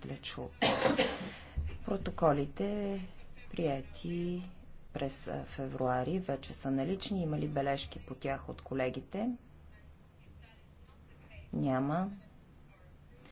председателя чул. Протоколите, прияти през февруари, вече са налични. Има ли бележки по тях от колегите? Няма.